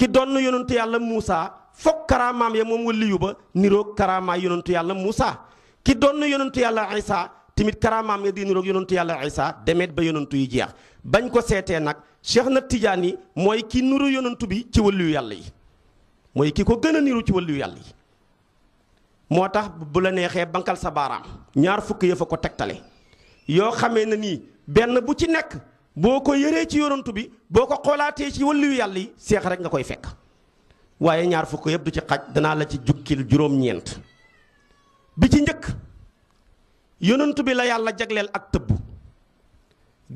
ki doon yonentu yàlla Muusa foog karaamaam ya moom waliyu ba niroog karaamaay yonentu yàlla Muusa ki doon yonentu yàlla Isa tamit karaamaam ya di niroog yonentu yàlla Isa demeet ba yonentu yi jeex bañ ko seetee nag Cheikh na Tidiane yi mooy ki nuru yonentu bi ci waliyu yàlla yi mooy ki ko gën a niru ci waliyu yàlla yi moo tax bu la neexee bankal sa baaraam ñaar fukk ya fa ko tegtale yoo xamee na nii benn bu ci nekk boo ko yéree ci yonantu bi boo ko xoolaatee ci wàllu yàlla yi seex rek nga koy fekk waaye ñaar fukk yëpp du ci xaj danaa la ci jukkil juróom-ñeent bi ci njëkk yonantu bi la yàlla jagleel ak tëbb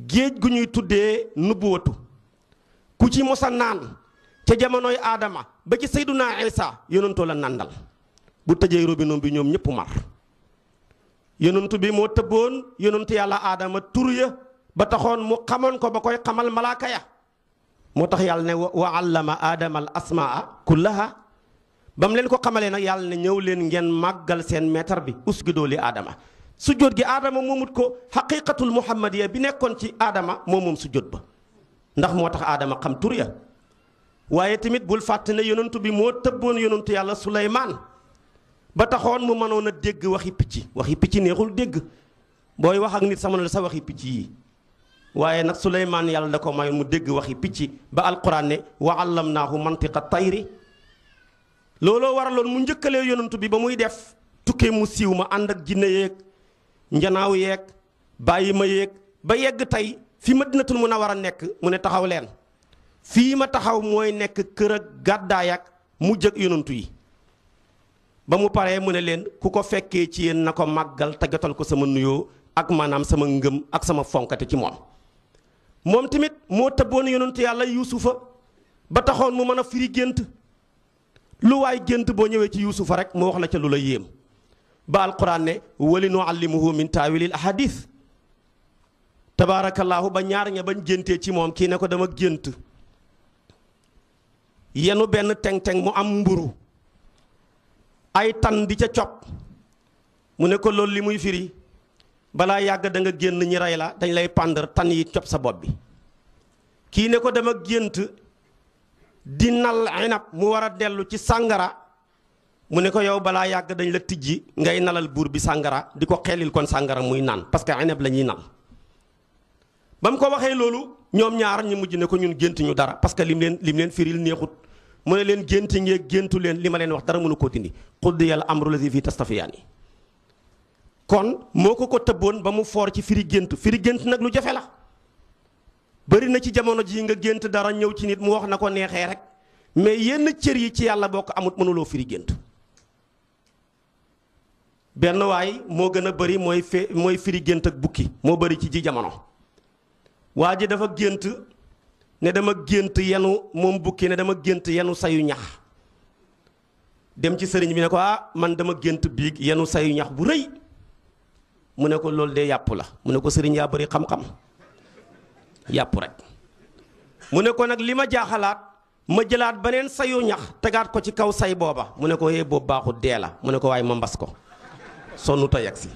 géej gu ñuy tuddee nubbuwatu ku ci mosa naan ca jamonoy aadama ba ci sayduna isa yonantoo la nàndal bu tëjee robinom bi ñoom ñëpp mar yonantu bi moo tëbboon yonantu yàlla aadama tur ba taxoon mu xamoon ko ba koy xamal malaaka ya moo tax yàlla ne wa allama aadama al asmaa kullaha ba mu leen ko xamalee nag yàlla ne ñëw leen ngeen màggal seen maître bi usgudoo li aadama sujjóot gi aadama moomut ko xaqiqatul muhammadiya bi nekkoon ci aadama moom moom sujjóot ba ndax moo tax aadama xam tur waaye tamit bul fàtte na yonantu bi moo tëbboon yonantu yàlla suleymaan ba taxoon mu mënoon a dégg waxi picc waxi picc neexul dégg booy wax ak nit sama sa waxi picc yii waaye nag suleymaan yàlla da ko may mu dégg waxi picc ba alquran ne wa allamnaahu mantiqa tayri looloo waraloon mu njëkkalee yonantu bi ba muy def tukkee mu siiw ma ànd ak jinne yéeg njanaaw yeeg bàyyi ma yeeg ba yegg tey fi ma dinatul mun a war a nekk mu ne taxaw leen fii ma taxaw mooy nekk kër ak gàddaay ak mujj ak yonantu yi ba mu paree mu ne leen ku ko fekkee ci yéen na ko màggal te jotal ko sama nuyoo ak maanaam sama ngëm ak sama fonkate ci moom moom tamit moo tëbboon yonentu yàlla yuusufa ba taxoon mu mën a firi gént lu waay gént boo ñëwee ci yuusufa rek mu wax la ca lu la yéem ba alquran ne wali nu allimuhu min taawilil ahadith tabaarakallaahu ba ñaar ña bañ géntee ci moom kii ne ko dama gént yenu benn teng-teng mu am mburu ay tan di ca cop mu ne ko loolu li muy firi balaa yàgg danga nga génn ñi rey la dañ lay pàndar tan yi cop sa bopp bi kii ne ko dama gént di nal inab mu war a dellu ci sàngara mu ne ko yow balaa yàgg dañ la tijji ngay nalal buur bi sàngara di ko xelil kon sàngara muy naan parce que inab la ñuy nal ba mu ko waxee loolu ñoom ñaar ñu mujj ne ko ñun gént ñu dara parce que lim leen lim leen firil neexut mu ne leen gént ngee géntu leen li ma leen wax dara mënu koo dindi quddiyal amru lazi fi yi kon moo ko ko tëbboon ba mu foor ci firi gént firi gént nag lu jafe la bari na ci jamono ji nga gént dara ñëw ci nit mu wax na ko neexee rek mais yenn cër yi ci yàlla boo ko amut mënuloo firi gént benn waay moo gën a bari mooy fe mooy firi gént ak bukki moo bari ci ji jamono waa ji dafa gént ne dama gént yenu moom bukki ne dama gént yenu sayu ñax dem ci sëriñ bi ne ko ah man dama gént biig yenu sayu ñax bu rëy mu ne ko loolu de yàpp la mu ne ko sëriñ yaa bëri xam-xam yàpp rek mu ne ko nag li ma jaaxalaat ma jëlaat beneen sayu ñax tegaat ko ci kaw say booba mu ne ko yee eh, boobu baaxul dee la mu ne ko waaye ma mbas ko sonnu ta yegg si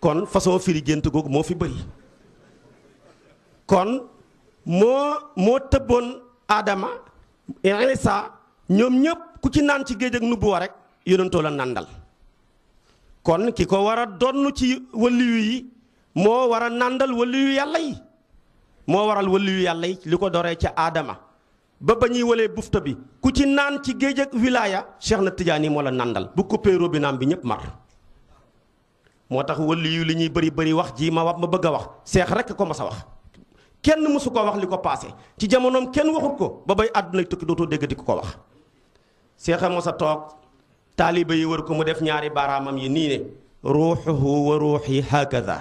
kon façon firi gént googu moo fi bari kon moo moo tëbboon aadama Isa ñoom ñëpp ku ci naan ci géej ak nubbu wa rek yonentoo la nàndal kon ki ko war a donn ci waliyu yi moo war a nàndal waliyu yàlla yi moo waral waliyu yàlla yi li ko doree ca aadama ba ba ñuy walee bufta bi ku ci naan ci géej ak wilaaya Cheikh na Tidiane moo la nàndal bu coupé robinam bi ñëpp mar moo tax waliyu li ñuy bari bari wax ji ma wax ma bëgg a wax seex rekk ko mas a wax kenn mësu ko wax li ko paase ci jamonoom kenn waxut ko ba bay àdduna tukki dootoo dégg di ko ko wax seexa mos a toog taaliba yi wër ko mu def ñaari baaraamam yi nii ne ruuxuhu wa ruuxi hakaza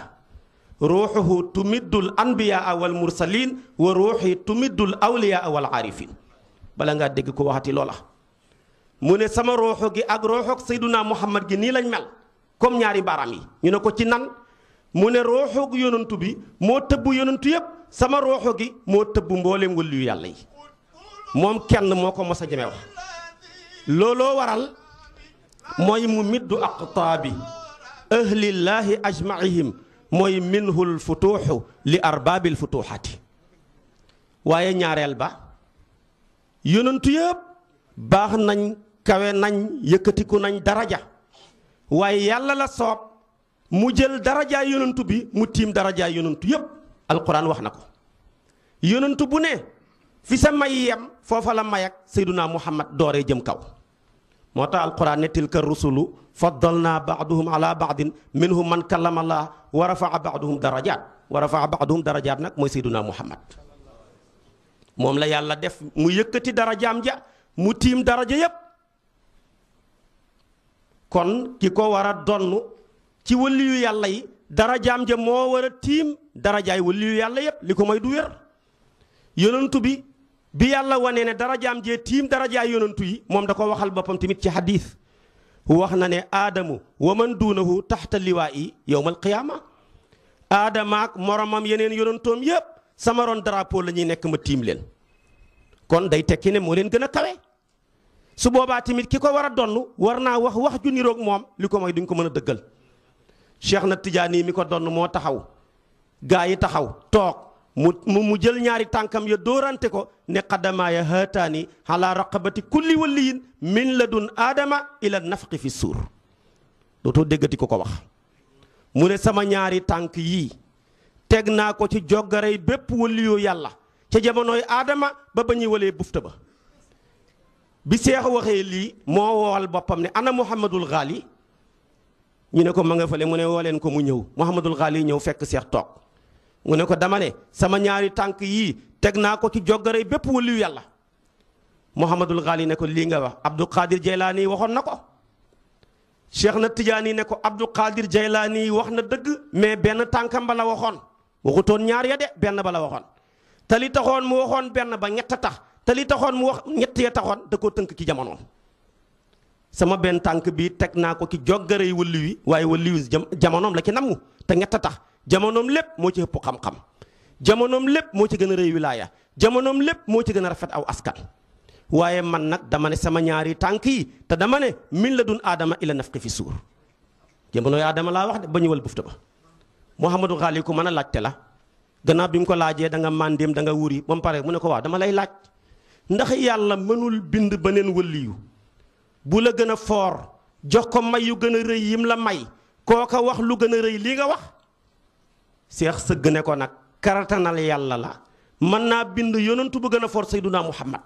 ruuxuhu tumiddul anbiyaa wal mursalin wa ruuxi tumiddul awliyaa wal aarifin bala ngaa dégg ko waxati loola mu ne sama ruuxu gi ak ruuxu sayduna muhammad gi nii lañ mel comme ñaari baaraam yi ñu ne ko ci nan mu ne ruuxu yonantu bi moo tëbb yonantu yépp sama ruuxu gi moo tëbb mbooleem wëllu yàlla yi moom kenn moo ko mos a jëme looloo waral mooy mu middu bi ahlillaahi ajmaihim mooy minhul futuuxu li arbaabil futuuxaati waaye ñaareel ba yonentu yëpp baax nañ kawe nañ yëkkatiku nañ daraja waaye yàlla la soob mu jël darajaay yonentu bi mu tiim darajaay yonentu yëpp alquran wax na ko yonentu bu ne fi sa may yem foofa la may ak seyduna muhammad dooree jëm kaw moo tax alquran ne tilka rusulu faddalna baaduhum ala baadin minhum man kallama allah wa rafaa baaduhum darajaat wa rafaa baaduhum darajaat nag mooy sayduna muhammad moom la yàlla def mu yëkkati darajaam ja mu tiim daraja yépp kon ki ko war a donn ci wëliyu yàlla yi darajaam ja moo war a tiim darajaay wëliyu yàlla yépp li ko may du wér yonentu bi bi yàlla wane ne darajaam jee tiim jaay yonantu yi moom da ko waxal boppam tamit ci xadiis wax na ne aadamu wa man duunahu taxta liwaa yi yowmal qiyaama aadama ak moromam yeneen yonantoom yépp sama ron drapeau la ñuy nekk ma tiim leen kon day tekki ne moo leen gën a kawe su boobaa tamit ki ko war a donn war naa wax wax ju niroog moom li ko moy duñ ko mën a dëggal Cheikh na Tijaani mi ko donn moo taxaw gaa yi taxaw toog mu mu mu jël ñaari tànkam ya dóorante ko ne xadamaaya haataani ala raqabati kulli waliyin min ladun aadama ila nafqi fi suur dootoo déggati ko ko wax mu ne sama ñaari tànk yii teg naa ko ci joggarey bépp waliyu yàlla ca jamonoy aadama ba ba ñuy walee bufta ba bi seex waxee lii moo woowal boppam ne ana muhammadul xaali ñu ne ko ma nga fële mu ne woo leen ko mu ñëw muhammadul xaali ñëw fekk seex toog mu ne ko dama ne sama ñaari tànk yii teg naa ko ci joggare bépp waliyu yàlla Muhammadul Ghali ne ko lii nga wax Abdul Qadir Jaylaani waxoon na ko Cheikh na Tijaani ne ko Abdul Qadir Jaylaani wax na dëgg mais benn tànkam ba la waxoon waxutoon ñaar ya de benn ba la waxoon te li taxoon mu waxoon benn ba ñett tax te li taxoon mu wax ñett ya taxoon da koo tënk ci jamonoom sama benn tànk bii teg naa ko ci joggare yi wëllu wi waaye wëllu wi jamonoom la ci namm te ñett tax jamonoom lépp moo ci ëpp xam-xam jamonoom lépp moo ci gën a rëy wilaaya jamonoom lépp moo ci gën a rafet aw askan waaye man nag dama ne sama ñaari tànk yi te dama ne min la dun aadama ila nafqi fi suur jamonoy aadama laa wax de ba ñëwal bufta ba Mouhamadou Xaali ku mën a laajte la gannaaw bi mu ko laajee danga nga màndeem da wuri ba mu pare mu ne ko waaw dama lay laaj ndax yàlla mënul bind beneen wëliyu bu la gën a foor jox ko may yu gën a rëy yim la may kooka wax lu gën a rëy lii nga wax seex sëgg ne ko nag karatanal yàlla la man naa bind yonantu bu gën a for sayduna muhammad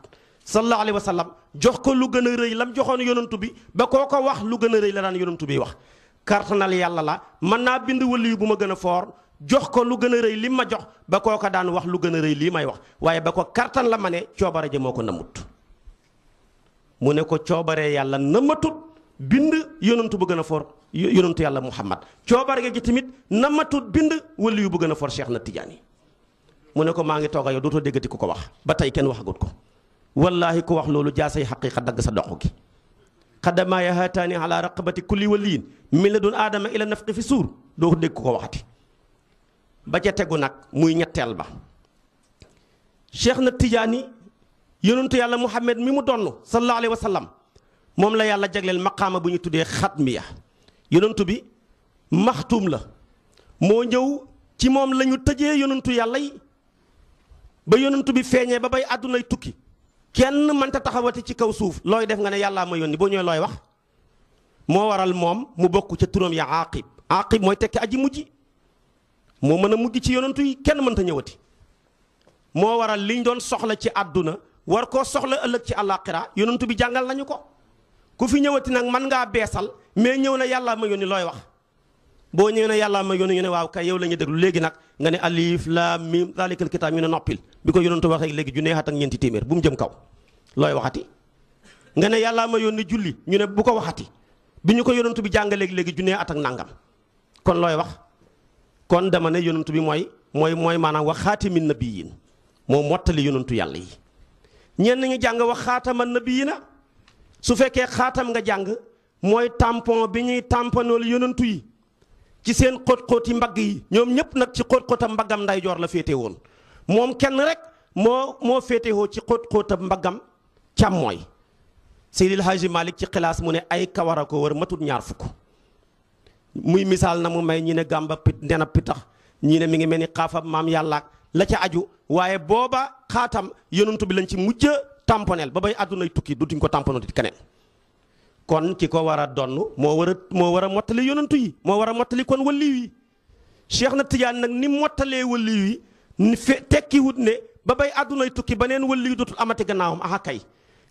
sallallahu alayhi wa sallam jox ko lu gën a rëy lam joxoon yonantu bi ba koo ko wax lu gën a la daan yonantu bi wax karatanal yàlla la man naa bind wëliyu bu ma gën a foor jox ko lu gën a rëy li ma jox ba koo ko daan wax lu gën a rëy lii may wax waaye ba ko kartan la ma ne coobare ja ko namut mu ne ko coobare yàlla namatut bind yonantu bëgg na a for yonantu yàlla muhammad coobarge ji tamit namatut bind wali yu bu gën a for Cheikh na Tidiane mu ne ko maa ngi toog a yow dootoo déggati ku ko wax ba tey kenn waxagut ko wallaahi ku wax loolu jaasay xaqiqa dagg sa doq gi xadamaa yahataani ala raqabati kulli waliyin min la doon aadama ila nafqi fi suur doo ko dégg ku ko waxati ba ca tegu nag muy ñetteel ba Cheikh na Tidiane yonantu yàlla muhammad mi mu donn sallallahu alayhi wa sallam moom la yàlla jagleel maqaama bu ñu tuddee xatmiya yonantu bi maxtuum la moo ñëw ci moom lañu ñu tëjee yonantu yàlla yi ba yonantu bi feeñee ba bay àddunay tukki kenn mënta taxawati ci kaw suuf looy def nga ne yàllaa ma yónni boo ñëwee looy wax moo waral moom mu bokk ca turam ya aaqib aaqib mooy tekki aji mujji moo mën a mujj ci yonantu yi kenn mënta ñëwati moo waral liñ doon soxla ci àdduna war koo soxla ëllëg ci àllaaxira yonantu bi jàngal nañu ko ku fi ñëwati nag man ngaa beesal mais ñëw na yàllaa ma yónni looy wax boo ñëwee ne yàllaa ma yónni ñu ne waaw kay yow la ñuy déglu léegi nag nga ne alif laam miim zaalikal kitaab ñu ne noppil bi ko yonantu waxee léegi ju neexat ak ñeenti téeméer bu mu jëm kaw looy waxati nga ne yàllaa ma yónni julli ñu ne bu ko waxati bi ñu ko yonantu bi jàng léegi léegi junne at ak nangam kon looy wax kon dama ne yonantu bi mooy mooy mooy maanaam wax xaatimin nabiyin moo mottali yonantu yàlla yi ñenn ñi su fekkee xaatam nga jàng mooy tampon bi ñuy tamponool yonantu yi ci seen xóot-xóoti mbagg yi ñoom ñëpp nag ci xóot-xóotam mbaggam ndeyjoor la féete woon moom kenn rek moo moo féetewoo ci xóot-xóotam mbaggam càmmooy Seydil Hadji Malick ci xilaas mu ne ay kawarako ko wër matut ñaar fukk muy misaal na mu may ñi ne gàmba pit ndena pitax ñi ne mi ngi mel ni xaafam maam yàllaak la ca aju waaye booba xaatam yonantu bi lañ ci mujj tamponel ba bay àddunay tukki du duñ ko tamponel di keneen kon ki ko war a donn moo war a moo war a mottali yonantu yi moo war a mottali kon waliw yi Cheikh na Tidiane nag ni mottalee waliw yi ni fe tekki ne ba bay àdduna àddunay tukki beneen waliw yi dootul amate gannaawam aha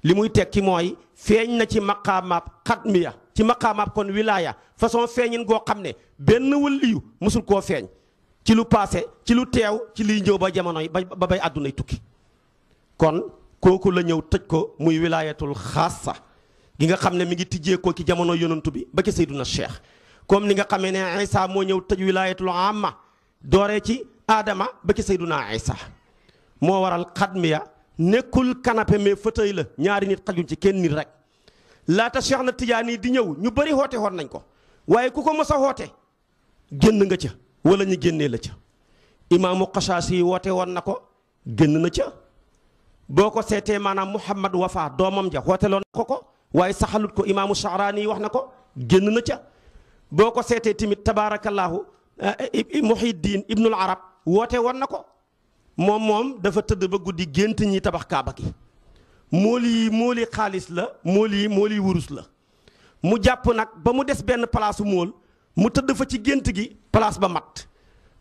li muy tekki mooy feeñ na ci maqaamaab xatmiya ci maqaamaab kon wilaaya façon feeñin goo xam ne benn waliyu mosul koo feeñ ci lu paase ci lu teew ci liy ñëw ba jamono yi ba bay tukki kooku la ñëw tëj ko muy wilaayatul xaasa gi nga xam ne mi ngi tijjee ko ci jamono yonantu bi ba ci sayduna cheikh comme ni nga xamee ne Isa moo ñëw tëj wilaayatul amma dooree ci Adama ba ci sayduna Isa moo waral xadmiya nekkul canapé mais fauteuil la ñaari nit xajuñ ci kenn nit rek laata Cheikh na Tijaani di ñëw ñu bëri hoote hoon nañ ko waaye ku ko mos a hoote génn nga ca wala ñu génnee la ca imaamu Xasaasi yi woote woon na ko génn na ca boo ko seetee maanaam Mouhamad Wafa doomam ja loon ko ko waaye saxalut ko imaamu Sha'raani yi wax na ko génn na ca boo ko seetee tamit tabaarakallaahu eh, eh, Muhiddin Ibnul Arab woote woon na ko moom moom dafa tëdd ba guddi gént ñi tabax kaaba gi mool yi mooli xaalis la mool yi mool wurus la mu jàpp nag ba mu des benn palaasu mool mu tëdd fa ci gént gi palaas ba mat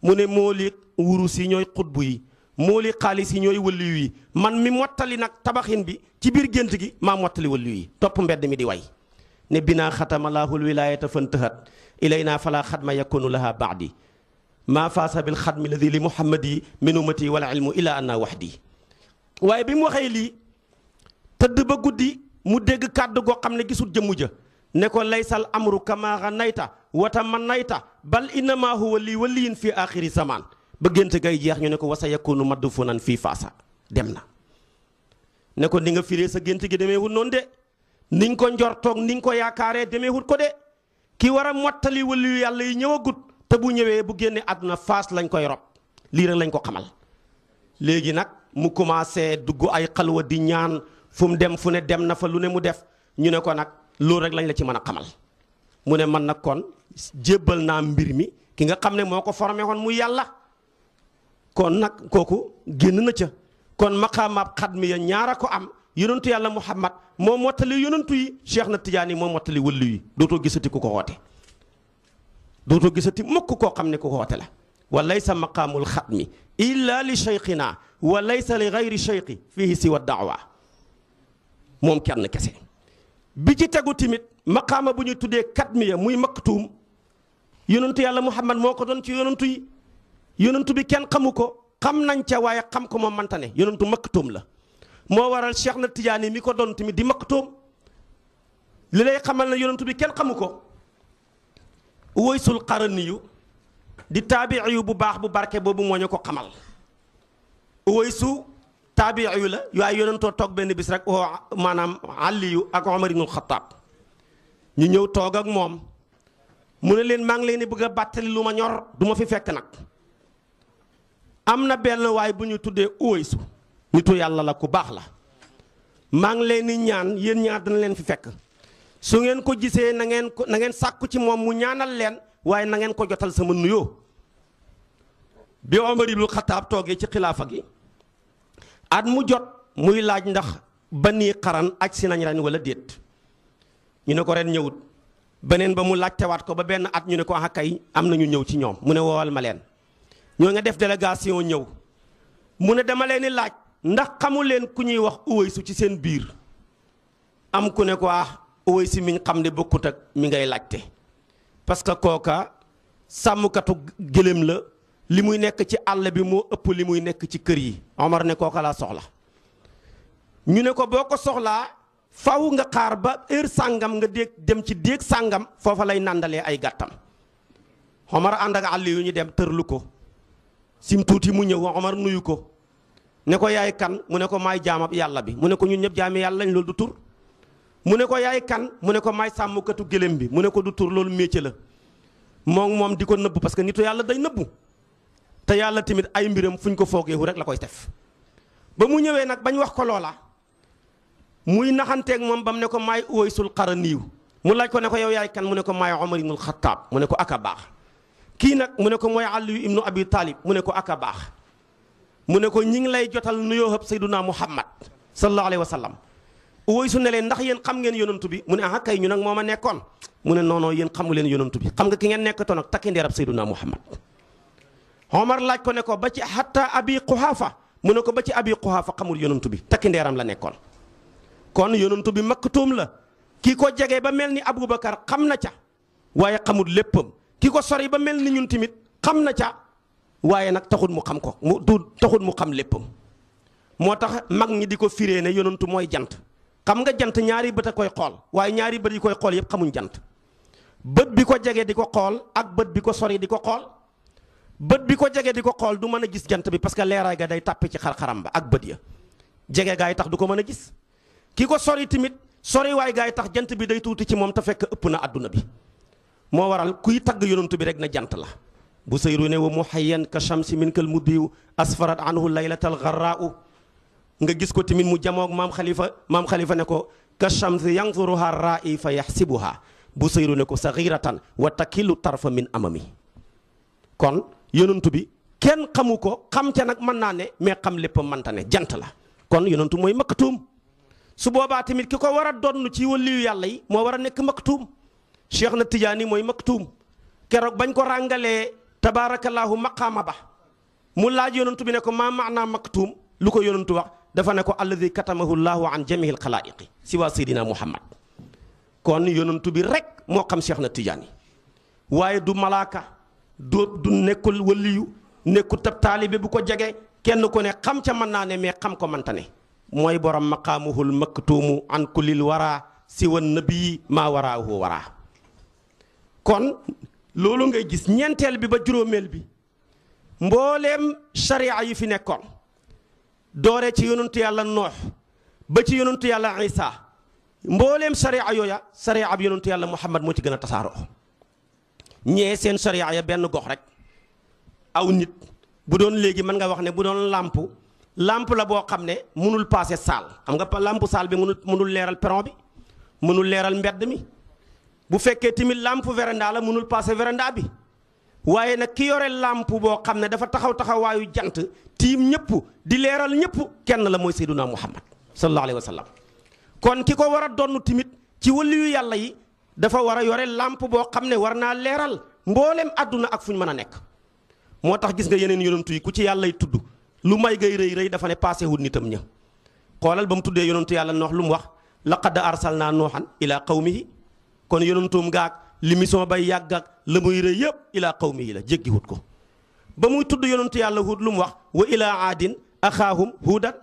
mu ne mooli wurus yi ñooy xutbu yi moo li xaalis yi ñooy wëlliw yi man mi mottali nag tabaxin bi ci biir gént gi maa mottali wëlliw yi topp mbedd mi di way ne binaa xatamalaahul wilaayata fantahat ilayna fala xadma yakunu laha baadi maa faasa bil xadmi ladi li muhammadi min umati wala ilmu illa anna waxdi waaye bi mu waxee lii tëdd ba guddi mu dégg kàddu goo xam ne gisul jëmmu ja ne ko laysal amru kama xanayta wata man nayta bal innama huwa lii waliyin fi axiri zaman ba génte gay jeex ñu ne ko wasa yakunu madd fu nan fii faasa dem na ne ko ni nga firee sa génte gi demee demeewul noonu de ni ko njortoog ni nga ko yaakaaree demeewul ko de ki war a mottali waliyu yàlla yi ñëwagut te bu ñëwee bu génnee àdduna faas lañ koy rob lii rek lañ ko xamal léegi nag mu commencé dugg ay xalwa di ñaan fu mu dem fu ne dem na fa lu ne mu def ñu ne ko nag loolu rek lañ la ci mën a xamal mu ne mën nag kon jébbal naa mbir mi ki nga xam ne moo ko formé woon mu yàlla kon nag kooku génn na ca kon maqaamaab xadmi ya ñaara ko am yonentu yàlla muhammad moo mottali yonentu yi cheikh na tijaan yi moo mottali wëllu yi dootoo gisati ku ko woote dootoo gisati mukk koo xam ne ku ko woote la wa laysa maqaamul xadmi illa li cheikhina wa laysa li gayri cheikhi fihi siwa daawa moom kenn kese bi ci tegu tamit maqaama bu ñu tuddee xadmi ya muy maktuum yonentu yàlla muhammad moo ko doon ci yonentu yi yonantu bi kenn xamu ko xam nañ ca waaye xam ko moom manta ne yonantu maktuum la moo waral Cheikh na Tidiane mi ko doon tamit di maktuum li lay xamal na yonantu bi kenn xamu ko Uwaysul Qaraniyu di taabiiyu bu baax bu barke boobu moo ñu ko xamal Uwaysu taabiiyu la waaye yonantoo toog benn bis rek oo maanaam Aliyu ak Omar ibnul ñu ñëw toog ak moom mu ne leen maa ngi leen di bëgg a bàttali lu ma ñor du ma fi fekk nag am na benn waay bu ñu tuddee Uwaysu nitu yàlla la ku baax la maa ngi leen di ñaan yéen ñaar dana leen fi fekk su ngeen ko gisee na ngeen ko nangeen sàkku ci moom mu ñaanal leen waaye na ngeen ko jotal sama nuyoo bi Omar ibnu Xataab toogee ci xilaafa gi at mu jot muy laaj ndax bani xaran aj si nañ ren wala déet ñu ne ko ren ñëwut beneen ba mu laajtewaat ko ba benn at ñu ne ko ah kay am na ñu ñëw ci ñoom mu ne woowal ma leen. ñoo nga def délégation ñëw mu ne dama leen di laaj ndax xamu leen ku ñuy wax Uwaysu ci seen biir am ku ne ko ah Uwaysu mi xam ne bokkut ak mi ngay laajte parce que kooka sàmmkatu gëléem la li muy nekk ci àll bi moo ëpp li muy nekk ci kër yi Omar ne kooka laa soxla ñu ne ko boo ko soxlaa faw nga xaar ba heure sàngam nga déeg dem ci déeg sàngam foofa lay nàndalee ay gàttam Omar ànd ak àll yu ñu dem tërlu ko sim tuuti mu ñëw Omar nuyu ko ne ko yaay kan mu ne ko maay jaamab yàlla bi mu ne ko ñu ñëpp jaami yàlla lañ loolu du tur. mu ne ko yaay kan mu ne ko maay sàmmkatu gëlëm bi mu ne ko du tur loolu métier la moom moom di ko nëbbu parce que nitu yàlla day nëbbu te yàlla tamit ay mbiram fuñ ko foogeewu rek la koy def ba mu ñëwee nag bañ wax ko loola muy naxanteeg moom bam ne ko maay Uwaysul Qaraniyu mu laaj ko ne ko yow yaay kan mu ne ko maay Omar ibnul Xattaab mu ne ko aka baax. kii nag mu ne ko mooy Aliyu ibnu Abi Talib mu ne ko ak baax mu ne ko ñi ngi lay jotal nuyoo hëb Sayyiduna Muhammad sallallahu alayhi wa sallam woy su ne leen ndax yéen xam ngeen yonantu bi mu ne ah kay ñu nag moom ma nekkoon mu ne noonoo yéen xamu leen yonantu bi xam nga ki ngeen nekkatoon ak takki ndeerab Sayyiduna Muhammad Omar laaj ko ne ko ba ci hatta mu ne ko ba ci Abi xamul yonantu bi takki ndeeram la nekkoon kon yonantu bi maktuum la kii ko jege ba mel ni Aboubacar xam na ca waaye xamul léppam ki ko sori ba mel ni ñun tamit xam na ca waaye nag taxul mu xam ko mu du taxul mu xam léppam moo tax mag ñi di ko firee ne yonantu mooy jant xam nga jant ñaari bët a koy xool waaye ñaari bët yi koy xool yépp xamuñ jant bët bi ko jege di ko xool ak bët bi ko sori di ko xool bët bi ko jege di ko xool du mën a gis jant bi parce que leeraay ga day tàppe ci xar ba ak bët ya jege gaay tax du ko mën a gis ki ko sori tamit sori waay gaay tax jant bi day tuuti ci moom te fekk ëpp na àdduna bi moo waral kuy tagg yonantu bi rek na jant la bu sayru ne wa muhayyan ka shamsi min kal asfarat anhu laylatal gharraa'u nga gis ko tamit mu jamoog maam xalifa maam xalifa ne ko ka shamsi yanzuruha ra'i fa yaxsibuha bu ne ko saghiratan wa takilu tarfa min amami kon yonantu bi kenn xamu ko xam ca nag mën naa ne mais xam lépp mënta ne la kon yonantu mooy maktuum su boobaa tamit ki ko war a donn ci waliyu yàlla yi moo war a nekk maktuum cheikh na tijaani mooy maktuum keroog bañ ko ràngalee tabaarakallaahu maqaama ba mu laaj yonantu bi ne ko maa maanaa maktuum lu ko yonantu wax dafa ne ko alladi katamahu llaahu an jamihil xalaayiqi si waa seydina muhammad kon yonantu bi rek moo xam cheikh na tijaani waaye du malaaka du du nekkul waliyu nekkul tab taalibe bu ko jege kenn ku ne xam ca man naa ne mais xam ko mënta ne mooy borom maqaamuhul maktuumu an kullil wara siwa nabii maa waraahu waraa kon loolu ngay gis ñeenteel bi ba juróomeel bi mbooleem sharia yi fi nekkoon doore ci yonentu yàlla noox ba ci yonentu yàlla isa mbooleem sharia yooya sharia bi yonentu yàlla muhammad moo ci gën a tasaaroo ñee seen sharia ya benn gox rek aw nit bu doon léegi mën nga wax ne bu doon làmp làmp la boo xam ne mënul paase saal xam nga làmp saal bi mënul mënul leeral peron bi mënul leeral mbedd mi bu fekkee tamit làmp véranda la mënul passé véranda bi waaye nag ki yore làmp boo xam ne dafa taxaw taxawaayu jant tiim ñëpp di leeral ñëpp kenn la mooy Seydunaa Muhammad sallallahu alayhi wa sallam kon ki ko war a donn tamit ci waliyu yàlla yi dafa war a yore làmp boo xam ne war naa leeral mboolem àdduna ak fu ñu mën a nekk moo tax gis nga yeneen yonantu yi ku ci yàllay tudd lu may gay rëy rëy dafa ne passé wut nitam ña xoolal ba mu tuddee yonantu yàlla noox lu mu wax laqad arsalnaa nooxan ilaa qawmihi kon yonantuum gaag li mission bay yàgg ak la muy rëy yëpp ilaa qawmi yi la jéggi wut ko ba muy tudd yonantu yàlla Huud lu mu wax wa ilaa aadin axaahum huudan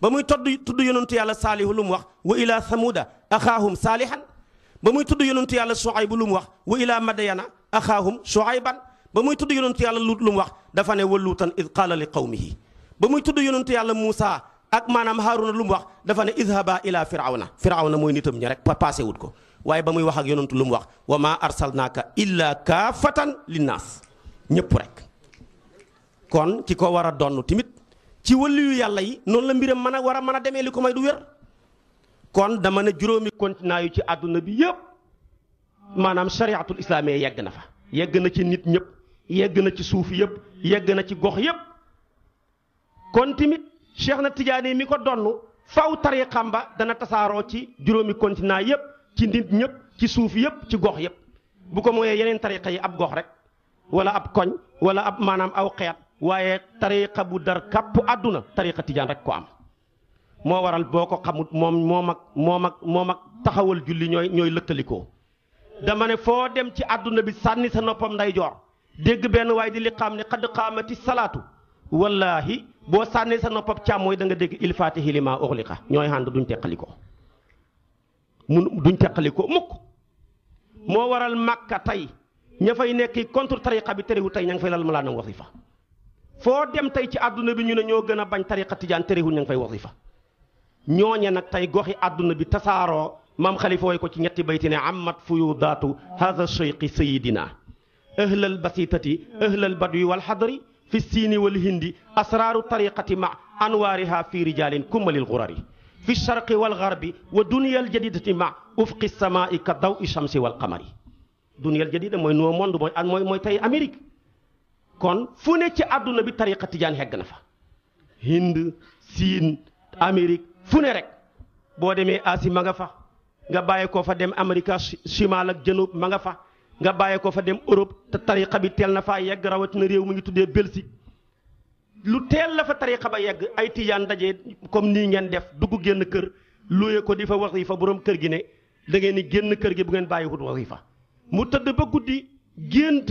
ba muy todd tudd yonantu yàlla saalihu lu mu wax wa ilaa samuuda axaahum saalihan ba muy tudd yonantu yàlla Shuaybu lu mu wax wa ilaa madyana axaahum Shuayban ba muy tudd yonantu yàlla Luut lu mu wax dafa ne wa luutan id qaala li qawmihi ba muy tudd yonantu yàlla Muusa ak maanaam Haaruna lu wax dafa ne idhaba ila firawna firawna mooy nitam ñi rek passé wut ko waaye ba muy wax ak yonantu lu mu wax wa maa arsalnaaka illa kaafatan linnaas ñëpp rek kon ki ko war a donn tamit ci wëlliyu yàlla yi noonu la mbiram mën a war a mën a demee li ko may du wér kon dama ne juróomi continent ci àdduna bi yëpp maanaam chariatul islaamiyya yegg na fa yegg na ci nit ñëpp yegg na ci suuf yëpp yegg na ci gox yëpp kon tamit Cheikh na Tidiane mi ko donn faw tariqam ba dana tasaaroo ci juróomi continent yëpp ci nit ñëpp ci suuf yëpp ci gox yëpp bu ko mooyee yeneen tariqa yi ab gox rek wala ab koñ wala ab maanaam aw xeet waaye tariqa bu dar kàpp àdduna tariqa tijaan rek ko am moo waral boo ko xamut moom moom ak moom ak moom ak taxawal julli ñooy ñooy lëkkalikoo dama ne foo dem ci àdduna bi sànni sa noppam nday joor dégg benn waaye di li xam ne xadd xaamati salaatu wallaahi boo sànnee sa noppam càmmooy danga dégg il faatihi limaa ñooy ànd duñ teqalikoo mun duñ teqali ko mukk moo waral màkka tey ña fay nekk contre tariqa bi terewul tey ña ngi fay lal malaanam wasifa foo dem tey ci àdduna bi ñu ne ñoo gën a bañ tariqa tijaan terewul ña ngi fay wasifa ñooñe nag tey goxi àdduna bi tasaaroo maam xalifa way ko ci ñetti bayti ne amat fuyudaatu haza cheyqi sayidina ahlal basitati ahlal badwi wal xadri fi siini wal hindi asraaru tariqati ma anwaariha fi rijalin kummalil xurari fi sharqi wal garbi wa duniyal jadidati ma ufqi samaai ka daw i shamsi wal qamari duniyal jadida mooy nouveau monde mooy an mooy mooy tey Amérique kon fu ne ci àdduna bi tariqa tijaan hegg na fa Hind Siin Amérique fu ne rek boo demee Asie ma nga fa nga bàyyi ko fa dem Amérique chimal ak janub ma nga fa nga bàyyi ko fa dem Europe te tariqa bi teel na faa yegg rawatina réew mu ngi tuddee Belgique lu teel la fa tariqa ba yegg ay tijaan daje comme nii ngeen def dugg génn kër looyee ko di fa fa borom kër gi ne dangeen ni génn kër gi bu ngeen bàyyiwut fa mu tëdd ba guddi gént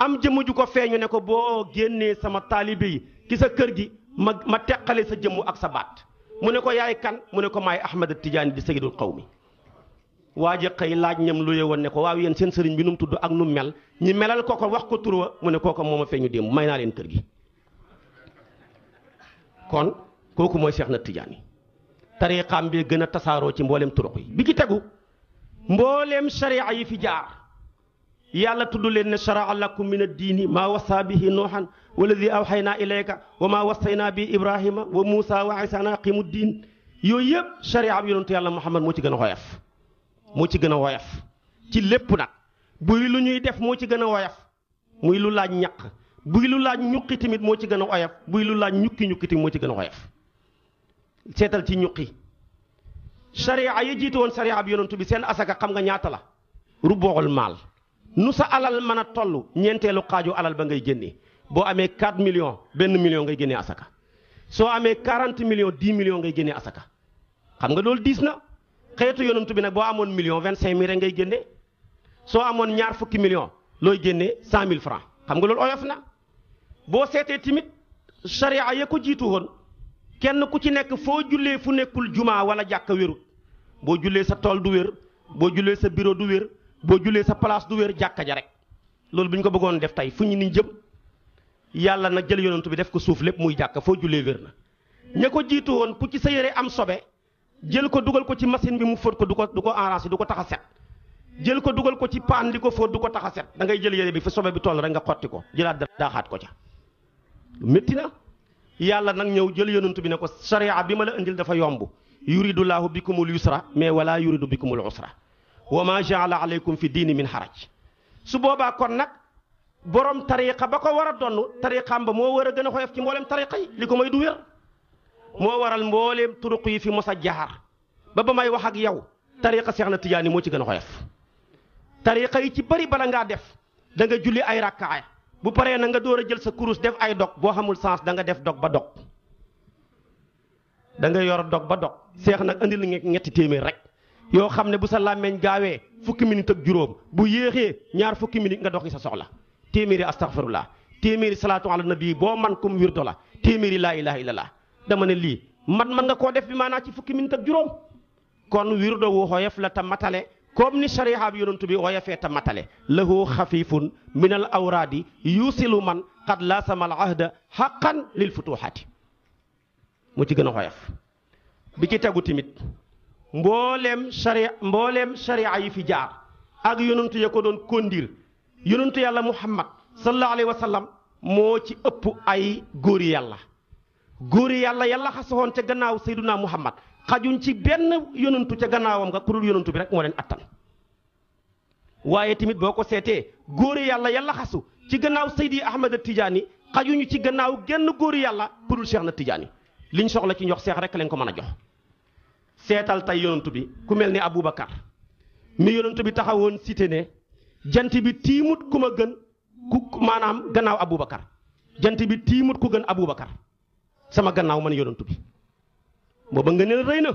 am jëmm ju ko feeñu ne ko boo génnee sama taalibe yi ki sa kër gi ma ma teqale sa jëmm ak sa baat mu ne ko yaay kan mu ne ko maay Ahmad Tijaani di sayyidul qawmi waa ji xëy laaj ñam lu yewoon ne ko waaw yéen seen sëriñ bi nu tudd ak nu mel ñi melal ko ko wax ko tur mu ne kooka moom feeñu démb may leen kër gi kon kooku mooy Cheikh na Tidiane tariqaam bee gën a tasaaroo ci mbooleem turuq yi bi ci tegu mbooleem sharia yi fi jaar yàlla tudd leen ne sharaa lakum min addiini maa wasaa bihi nuuhan walladi awxaynaa ilayka wa maa wasaynaa bi ibrahima wa muusa wa isa an aqimu diin yooyu yëpp sharia bi yonentu yàlla muhammad moo ci gën a woyof moo ci gën a woyof ci lépp nag buy lu ñuy def moo ci gën a woyof muy lu laaj ñaq buy lu laaj ñuqi tamit moo ci gën a oyof buy lu laaj ñukki ñukki tamit moo ci gën a oyof seetal ci ñuqi sariya yi jiite woon sariya bi yonantu bi seen asaka xam nga ñaata la ruboxul maal nu sa alal mën a toll ñeenteelu xaaju alal ba ngay génnee boo amee 4 million benn million ngay génne asaka soo amee 40 millions 10 millions ngay génnee asaka xam nga lool diis na xeetu yonantu bi nag boo amoon million 25 mille rek ngay génnee soo amoon ñaar fukki million looy génnee 100000 francs xam na. boo seetee tamit sariya ya ko jiitu woon kenn ku ci nekk foo jullee fu nekkul jumaa wala jàkka wérut boo jullee sa tool du wér boo jullee sa biro du wér boo jullee sa place du wér jàkka ja rek loolu bu ñu ko bëggoon def tey fu ñu ni jëm yàlla na jël yonantu bi def ko suuf lépp muy jàkka foo jullee wér na ña ko jiitu woon ku ci sa yére am sobe jël ko dugal ko ci machine bi mu fóot ko du ko du ko arrangé du ko tax a set jël ko dugal ko ci paan di ko fóot du ko tax a set da ngay jël yére bi fa sobe bi toll rek nga xotti ko jëlaat daaxaat ko ca métti na yàlla nag ñëw jël yonent bi ne ko sariya bi ma la indil dafa yomb yuridullahu bikumul yusra mais wala yuridu bikumul usra wa ma jaala aleykum fi diini min haraj su boobaa kon nag borom tariqa ba ko war a donn tariqaam ba moo war a gën a xoyof ci mboolem tariqa yi li ko may du wér moo waral mboolem turuq yi fi mos a jaar ba ba may wax ak yow tariqa Seexna Tijaani moo ci gën a xoyof tariqa yi ci bëri bala ngaa def da nga julli ay rakkaaya bu paree na nga door a jël sa kurus def ay dog boo xamul sens da nga def dog ba dog da nga yor dog ba dog seex nag andi la ñetti téeméer rek yoo xam ne bu sa làmmeñ gaawee fukki minute ak juróom bu yéexee ñaar fukki minute nga doxi sa soxla téeméeri astaghfirullah téeméeri salaatu na bii boo man kum wirdo la téeméeri laa ilaha illallah dama ne lii man man nga koo def bi maanaa ci fukki minute ak juróom kon wirdo wu xoyef la ta matale comme ni shariha bi yonantu bi woyofee ta matale lahu xafifun min al awraadi yusilu man qad laasama al ahda xaqan lil futuhaati mu ci gën a woyof bi ci tegu tamit mbooleem shari mbooleem shari'a yi fi jaar ak yonantu ya ko doon kondir yonantu yàlla muhammad sallallahu alayhi wa moo ci ëpp ay góori yàlla góori yàlla yàlla xasaxoon ca gannaaw sayduna muhammad xajuñ ci benn yonantu ca gannaawam nga ku dul bi rek moo leen attan waaye tamit boo ko seetee góori yàlla yàlla xasu ci gannaaw Seydi Ahmada Tidiane xajuñu ci gannaaw genn góori yàlla ku dul Cheikh na Tidiane liñ soxla ci njox seex rek lañ ko mën a jox. seetal tey yonantu bi ku mel ni Aboubacar mi yonantu bi taxawoon cité ne jant bi tiimut ku ma gën ku maanaam gannaaw Aboubacar jant bi tiimut ku gën Aboubacar sama gannaaw man yonantu bi. booba nga neel rëy na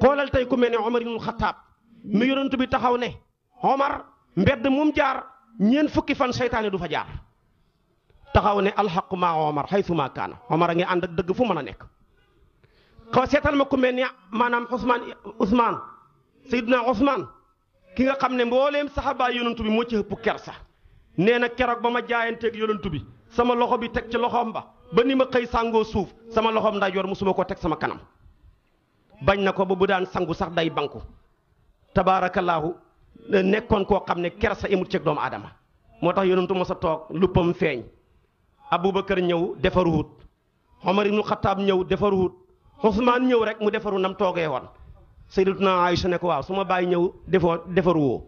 xoolal tey ku mel ne Omar Xataab mi yonent bi taxaw ne Omar mbedd mum jaar ñeent fukki fan seytaane du fa jaar taxaw ne alxaqu maa Omar xaytu maa kaana Omar a ngi ànd ak dëgg fu mën a nekk. xaw seetal ma ku maanaam ne maanaam Ousmane Ousmane Seydina Ousmane ki nga xam ne mbooleem saxabaay yonent bi moo ci ëpp kersa nee na keroog ba ma jaayanteeg yonent bi sama loxo bi teg ci loxoom ba. ba ni ma xëy sàngoo suuf sama loxoom ndeyjoor mosuma ko teg sama kanam bañ na ko ba mu daan sangu sax day banku tabaarakallaahu nekkoon koo xam ne kersa imut ceeg doomu aadama moo tax yonentu mos a toog luppam feeñ aboubacar ñëw defaruwut omar ibnu xataab ñëw defaruwut Ousmane ñëw rek mu defaru nam toogee woon sayyidatuna Aïcha ne ko waaw su ma ñëw defoo defaruwoo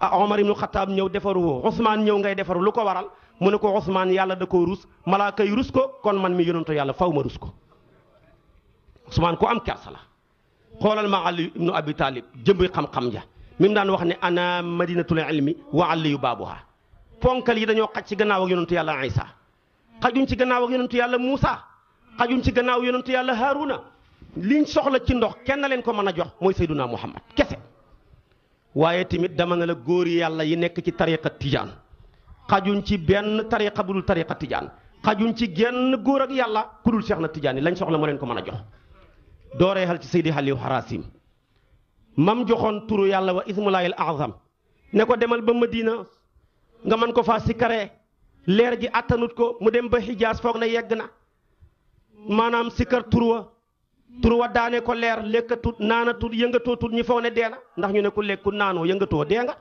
ah, omar ibnu xataab ñëw defaruwoo Ousmane ñëw ngay defaru lu ko waral mu ne ko Ousmane yàlla da ko rus malaaka yi rus ko kon man mi yonantu yàlla faw ma rus ko Ousmane ku am kersa la xoolal ma Ali ibnu Abi jëmbi xam-xam ja mi mu daan wax ne ana madinatul ilmi wa àll aliyu baabuha ponkal yi dañoo xaj ci gannaaw ak yonantu yàlla Isa xajuñ ci gannaaw ak yonantu yàlla muusaa xajuñ ci gannaaw yonantu yàlla Haruna liñ soxla ci ndox kenn leen ko mën a jox mooy Sayyiduna Muhammad kese waaye tamit dama ne la góor yàlla yi nekk ci tariqa tijaan xajuñ ci benn tariqa bu dul tariqa tijaan xajuñ ci genn góor ak yàlla ku dul Seex na Tijaan yi lañ soxla moo leen ko mën a jox dooree xal ci Seydi Aliou Harasim mam joxoon turu yàlla wa ismulaayil azam ne ko demal ba Madina nga mën ko faa sikkaree leer gi attanut ko mu dem ba Hijaas foog na yegg na maanaam sikkar turu wa turu wa daane ko leer lekkatut naanatut yëngatootut ñi foog ne dee na ndax ñu ne ku lekku naanoo yëngatoo dee nga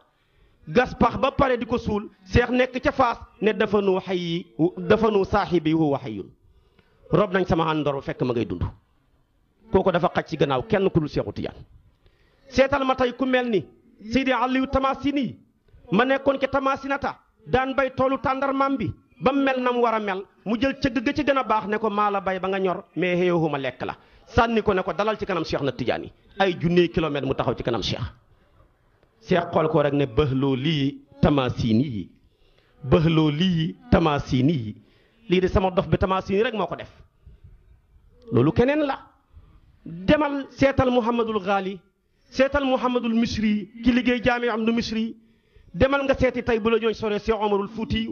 gas pax ba pare di ko suul seex nekk ca faas ne dafa nu xayyi dafa nu saaxibi huwa xayyun rob nañ sama àndoor bu fekk ma ngay dund kooku dafa xaj ci gannaaw kenn ku dul seexu tijaan seetal ma tey ku mel ni Seydi Aliou Tamasini ma nekkoon ca Tamasinata daan bay toolu tàndarmaam bi ba mel na mu war a mel mu jël cëgg ga ci gën a baax ne ko maa la bay ba nga ñor mais xëyoo ma lekk la sànni ko ne ko dalal ci kanam Cheikh na Tidiane ay junnee kilomètre mu taxaw ci kanam Cheikh. seex xool ko rek ne bëxloo lii tamaasini yi bëxloo lii tamaasini yi lii de sama dof bi tamaasini rek moo ko def loolu keneen la demal seetal muhammadul gaali seetal muhammadul misri ki liggéey jaami am du misri demal nga seeti tey bu la ñooñ sore seex omarul fuutiyu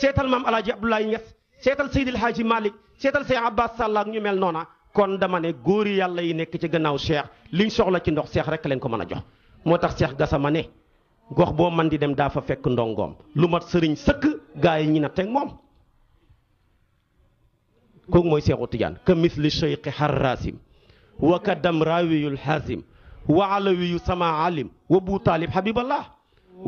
seetal maam alaaji abdoulaye ñes seetal seydil haaji malik seetal seex abbas sàll ak ñu mel noona kon dama ne góori yàlla yi nekk ci gannaaw cheikh liñ soxla ci ndox seex rek leen ko mën a jox moo tax Cheikh Gassama ne gox boo man di dem daa fa fekk ndongoom lu mat sëriñ sëkk gaa yi ñi na teg moom kooku mooy Seexu Tijaan ka misli cheyqi harrasim wa ka raawiyul hasim wa alawiyu sama alim wa bu taalib habiballah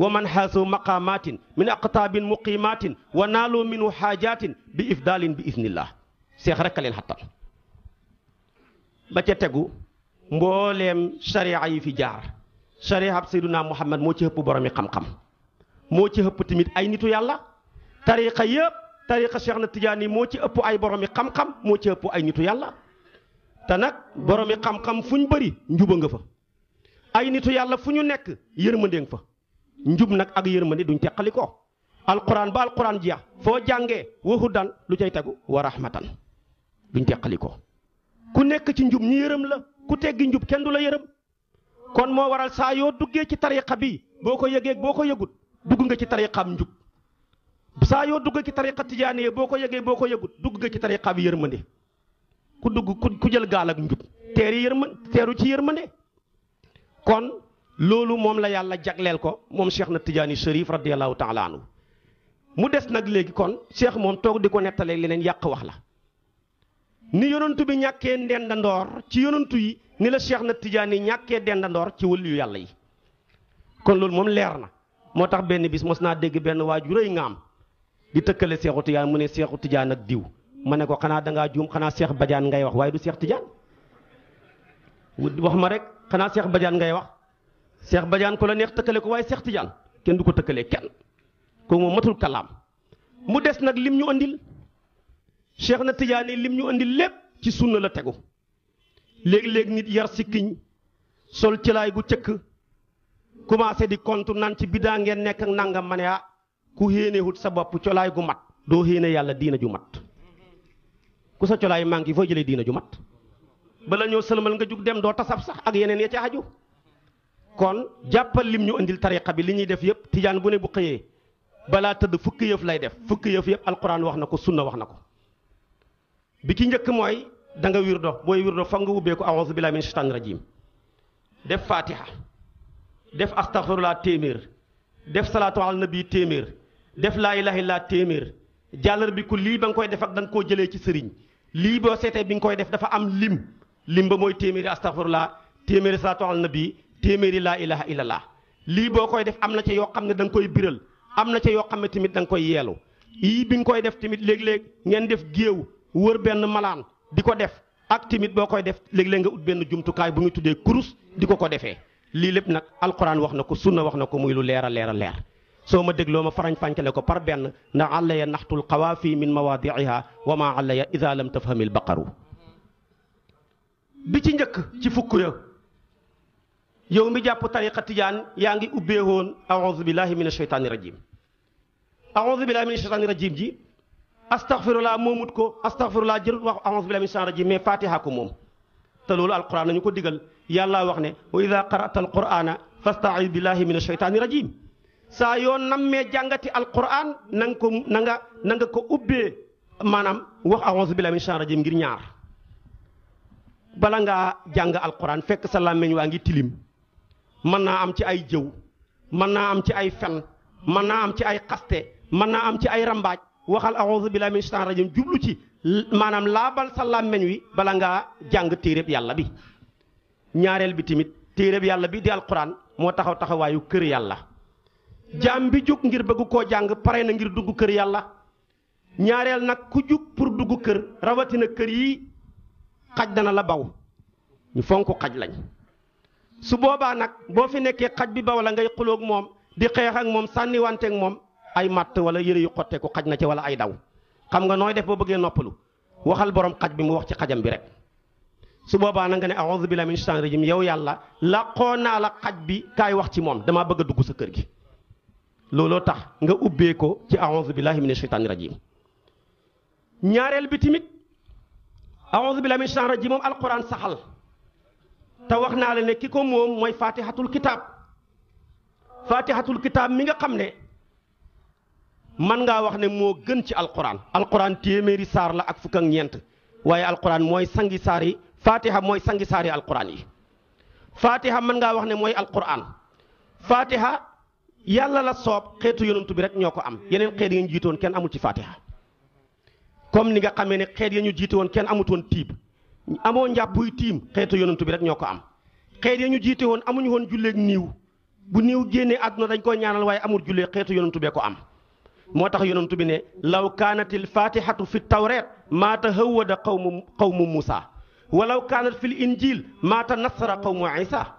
wa man xaasoo maqaamaatin min aqtaabin muqiimaatin wa naaloo minhu xaajaatin bi ifdaalin bi iznillah seex rekk a leen xattan ba ca tegu mbooleem sariya yi fi jaar sariyaab sayduna muhammad moo ci ëpp boromi xam-xam moo ci ëpp tamit ay nitu yàlla tariqa yëpp tariqa Cheikh na Tidiane moo ci ëpp ay boromi xam-xam moo ci ëpp ay nitu yàlla te nag boromi xam-xam fu ñu bëri njuba nga fa ay nitu yàlla fu ñu nekk yërmandéeng fa njub nag ak yërmande duñ teqali ko alquran ba alquran jeex foo jàngee waxu dan lu cay tegu wa rahmatan duñ teqali ko ku nekk ci njub ñi yërëm la ku teggi njub kenn la yërëm kon moo waral saa yoo duggee ci tariqa bi boo ko yëgee boo ko yëgut dugg nga ci tariqaam njub saa yoo dugg ci tariqa tijaaniyee boo ko yëgee boo ko yëgut dugg nga ci tariqaam yërmande ku dugg ku ku jël gaal ak njub teeri yërmande teeru ci yërmande kon loolu moom la yàlla jagleel ko moom Cheikh na Tijaani Cherif radiyallahu taala anhu mu des nag léegi kon Cheikh moom toog di ko nettalee leneen yàq wax la ni yonantu bi ñàkkee ndendandoor ci yonantu ni la Cheikh na Tidiane ñàkkee dendandoor ci wëliyu yàlla yi kon loolu moom leer na moo tax benn bis mos naa dégg benn waa ju rëy ngaam di tëkkale Seexu Tidiane mu ne Seexu tijaan ak diw ma ne ko xanaa dangaa juum xanaa seex Badiane ngay wax waaye du seex Cheikh Tidiane wax ma rek xanaa seex Badiane ngay wax Cheikh Badiane ko la neex tëkkale ko waaye Cheikh Tidiane kenn du ko tëkkalee kenn kooku moom matul kalaam mu des nag lim ñu andil Cheikh na Tidiane lim ñu andil lépp ci sunna la tegu léeg-léeg nit yar sikkiñ sol ci gu cëkk commencé di kontu nan ci bidaa ngeen nekk ak nangam ma ne ah ku héenewut sa bopp colaay gu mat doo héene yàlla diina ju mat ku sa colaay manqué foo jëlee diina ju mat bala ñoo sëlmal nga jug dem doo tasab sax ak yeneen ya ca aju kon jàppal lim ñu indil tariqa bi li ñuy def yëpp tijaan bu ne bu xëyee balaa tëdd fukki yëf lay def fukki yëf yëpp alquran wax na ko sunna wax na ko bi ci njëkk mooy da nga wirdo booy wirdo fa nga ubbeeku a'uuzu billaahi min shaytaani rajiim def fatiha def astaghfirullah téeméer def salaatu ala nabi téeméer def laa ilaaha illallaah téeméer jàllar bi lii ba nga koy def ak da koo jëlee ci sëriñ lii boo seetee bi nga koy def dafa am lim lim ba mooy téeméeri astaghfirullah téeméeri salaatu ala nabi téeméeri laa ilaaha illallaah lii boo koy def am na ca yoo xam ne danga koy biral am na ca yoo xam ne tamit danga koy yeelu yii bi koy def tamit léeg-léeg ngeen def géew wër benn malaan di ko def ak timit boo koy def léeg-léeg nga ut benn jumtukaay bu ñu tuddee kurus di ko ko defee lii lépp nag alquran wax na ko sunna wax na ko muy lu leera a leer a leer soo ma dégloo ma farañ fàncale ko par benn ndax allaya naxtul xawaafi min mawaadiiha wa ma allaya ida lam tafhamil baqaru bi ci njëkk ci fukk ya yow mi jàpp tariqa tijaan yaa ngi ubbeewoon aoudu billahi min asheytaani rajim aoudu billahi min asheytaani rajim ji astaghfirullah moomut ko astaghfirullah jërut wax a'uuzu billahi minash shaytaani rajiim mais fatiha ko moom te loolu alquran nañu ko digal yàlla wax ne wa ida qara'ta alqur'ana fasta'iz billahi minash shaytaani rajiim saa yoon nammee jàngati alquran na nga ko na nga ko ubbee maanaam wax a'uuzu billahi minash shaytaani rajiim ngir ñaar bala ngaa jàng alquran fekk sa làmmiñ waa ngi tilim mën naa am ci ay jëw mën naa am ci ay fen mën naa am ci ay xaste mën naa am ci ay rambaaj waxal a'uuzu billaahi mina shaytaani rajiim jublu ci maanaam laabal sa làmmeñ wi bala ngaa jàng téereb yàlla bi ñaareel bi tamit téereb yàlla bi di alquran moo taxaw taxawaayu kër yàlla jaam bi jóg ngir bëgg koo jàng pare na ngir dugg kër yàlla ñaareel nag ku jug pour dugg kër rawatina kër yi xaj dana la baw ñu fonk xaj lañ su boobaa nag boo fi nekkee xaj bi baw la ngay xuloog moom di xeex ak moom sànniwante ak moom ay matt wala yëre yu xotteeku xaj na ci wala ay daw xam nga nooy def boo bëggee noppalu waxal borom xaj bi mu wax ci xajam bi rek su boobaa na nga ne a'udhu billahi minash shaitanir rajim yow yàlla laqoo naa la xaj bi kaay wax ci moom damaa bëgg dugg sa kër gi looloo tax nga ubbee ko ci a'udhu billahi minash shaitanir rajim ñaareel bi tamit a'udhu billahi minash shaitanir rajim moom alquran saxal te wax naa la ne ki ko moom mooy fatihatul kitaab fatihatul kitaab mi nga xam ne man ngaa wax ne moo gën ci alxuraan alquran téeméeri saar la ak fukk ñeent waaye alquran mooy sangi saari yi fatiha mooy sangi saari yi alquran yi fatiha mën ngaa wax ne mooy alquran fatiha yàlla la soob xeetu yonantu bi rek ñoo ko am yeneen xeet yi jiitoon kenn amul ci fatiha comme ni nga xamee ne xeet ya ñu jiite woon kenn amutoon tiib amoo njàppuy tiim xeetu yonantu bi rek ñoo ko am xeet ya ñu jiite woon amuñu woon julleeg niiw bu niiw génnee àdduna dañ koy ñaanal waaye amul jullee xeetu yonantu bee ko am moo tax yonantu bi ne law kaanatil fatihatu fi tawreet maa tahawwada qawmu qawmu Muusa walaw kaanat fil injil maa tanassara qawmu Isa